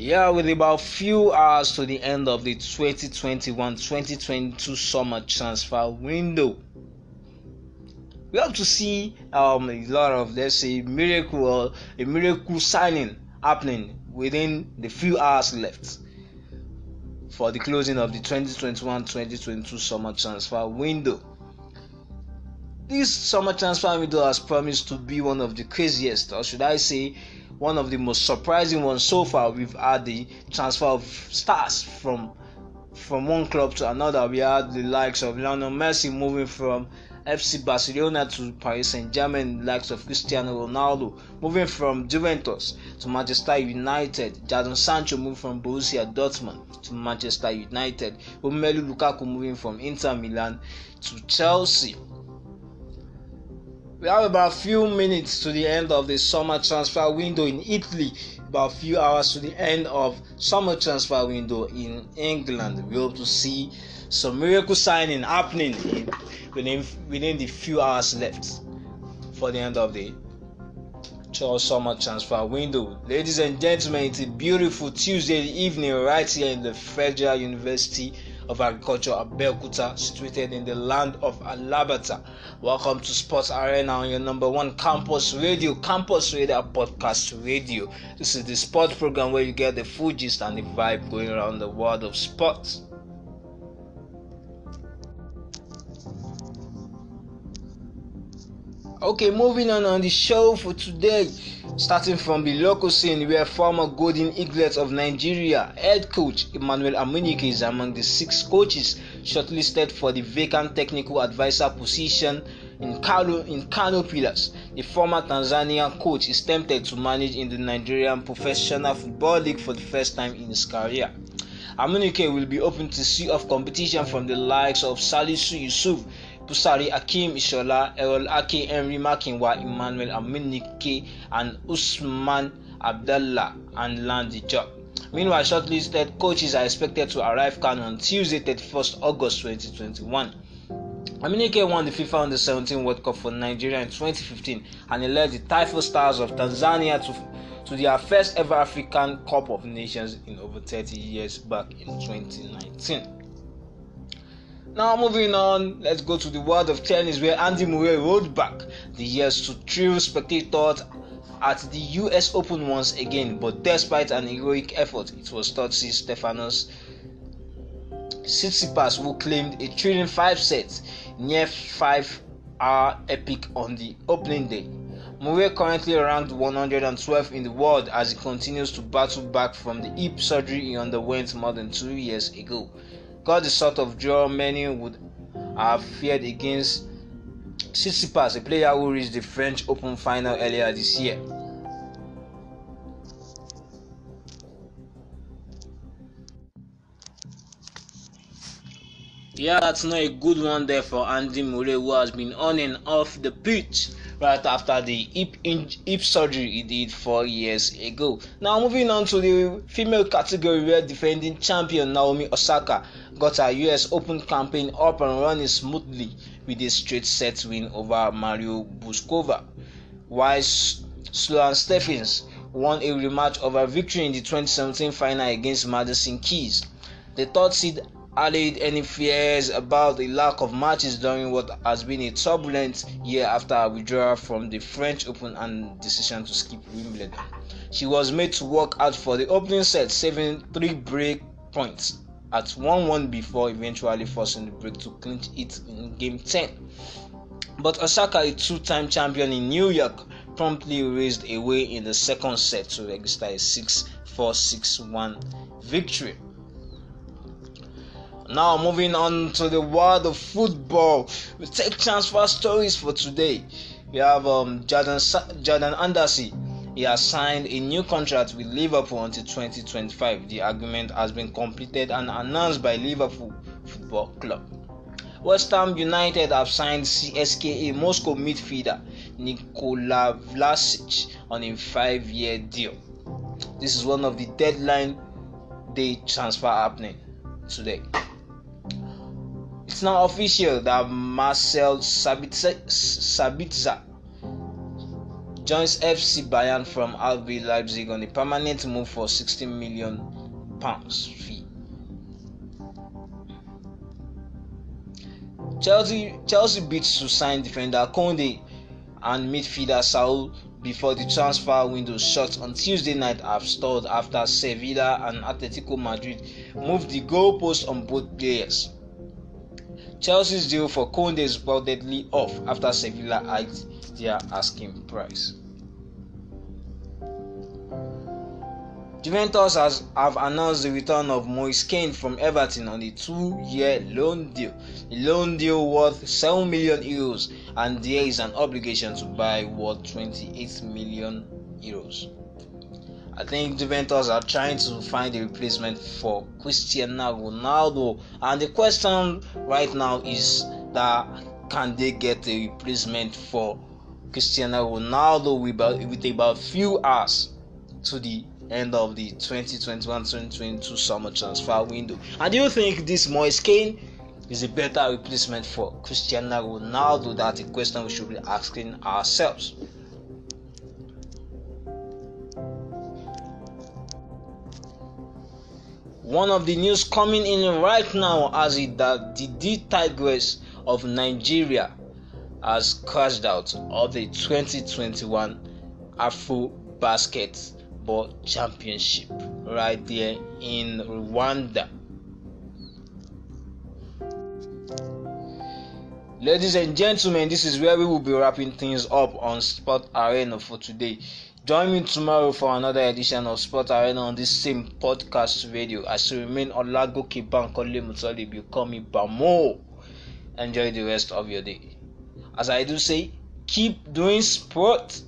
Yeah, with about few hours to the end of the 2021-2022 summer transfer window, we have to see um, a lot of let's say miracle, a miracle signing happening within the few hours left for the closing of the 2021-2022 summer transfer window. This summer transfer window has promised to be one of the craziest, or should I say, one of the most surprising ones so far. We've had the transfer of stars from from one club to another. We had the likes of Lionel Messi moving from FC Barcelona to Paris Saint Germain, likes of Cristiano Ronaldo moving from Juventus to Manchester United, Jadon Sancho moving from Borussia Dortmund to Manchester United, Romelu Lukaku moving from Inter Milan to Chelsea. We have about a few minutes to the end of the summer transfer window in Italy, about a few hours to the end of summer transfer window in England. We hope to see some miracle signing happening in, within within the few hours left for the end of the summer transfer window. Ladies and gentlemen, it's a beautiful Tuesday evening right here in the Federal University of Agriculture at Belkuta, situated in the land of Alabata. Welcome to Sports Arena on your number one campus radio, campus radio podcast radio. This is the sports program where you get the full gist and the vibe going around the world of sports. Okay, moving on on the show for today starting from the local scene where former Golden Eaglet of Nigeria head coach Emmanuel Amunike is among the six coaches shortlisted for the vacant technical advisor position in Kano, in Kano Pillars. The former Tanzanian coach is tempted to manage in the Nigerian Professional Football League for the first time in his career. Amunike will be open to see off competition from the likes of Salisu Yusuf Busari, Akim Ishola, Errol Ake, Henry Makinwa, Emmanuel Aminike, and Usman Abdallah, and land the job. Meanwhile, shortlisted coaches are expected to arrive Kano on Tuesday, 31st August 2021. Aminike won the FIFA Under 17 World Cup for Nigeria in 2015 and he led the title Stars of Tanzania to, to their first ever African Cup of Nations in over 30 years back in 2019. Now, moving on, let's go to the world of tennis where Andy Murray rolled back the years to thrill spectators at the US Open once again, but despite an heroic effort, it was Totsi Stefanos Tsitsipas who claimed a thrilling five sets near five hour epic on the opening day. Murray currently ranked 112 in the world as he continues to battle back from the hip surgery he underwent more than two years ago got the sort of draw many would have feared against Tsitsipas, a player who reached the French Open final earlier this year. Yeah, that's not a good one there for Andy Murray, who has been on and off the pitch right after the hip, in- hip surgery he did four years ago. Now, moving on to the female category where defending champion Naomi Osaka got her US Open campaign up and running smoothly with a straight set win over Mario Buskova, while Sloan Stephens won a rematch of her victory in the 2017 final against Madison Keys. The third seed allayed any fears about the lack of matches during what has been a turbulent year after her withdrawal from the French Open and decision to skip Wimbledon. She was made to work out for the opening set, saving three break points at 1 1 before eventually forcing the break to clinch it in Game 10. But Osaka, a two time champion in New York, promptly raised away in the second set to register a 6 4 6 1 victory. Now, moving on to the world of football, we take transfer stories for today. We have um, Jordan, Jordan Anderson. He has signed a new contract with Liverpool until 2025. The agreement has been completed and announced by Liverpool Football Club. West Ham United have signed CSKA Moscow midfielder Nikola Vlasic on a five-year deal. This is one of the deadline day transfer happening today it's now official that Marcel Sabitzer, joins FC Bayern from RB Leipzig on a permanent move for 16 million pounds fee. Chelsea Chelsea beats to sign defender Conde and midfielder Saul before the transfer window shut on Tuesday night have stalled after Sevilla and Atletico Madrid moved the goalposts on both players. Chelsea's deal for Conde is reportedly off after Sevilla hiked their asking price. Juventus has have announced the return of Moise Kane from Everton on a two-year loan deal. The loan deal worth 7 million euros, and there is an obligation to buy worth 28 million euros. I think Juventus are trying to find a replacement for Cristiano Ronaldo. And the question right now is that can they get a replacement for Cristiano Ronaldo with about, with about few hours to the end of the 2021-2022 summer transfer window? And do you think this Moise Kane is a better replacement for Cristiano Ronaldo? That's a question we should be asking ourselves. One of the news coming in right now as it that the D Tigress of Nigeria has crashed out of the 2021 Afro Basketball Championship right there in Rwanda. Ladies and gentlemen, this is where we will be wrapping things up on Sport Arena for today. Join me tomorrow for another edition of Sport Arena on this same podcast video. As you remain Olagoke Bankole Mutolib, you call me Bamo. Enjoy the rest of your day. As I do say, keep doing sport.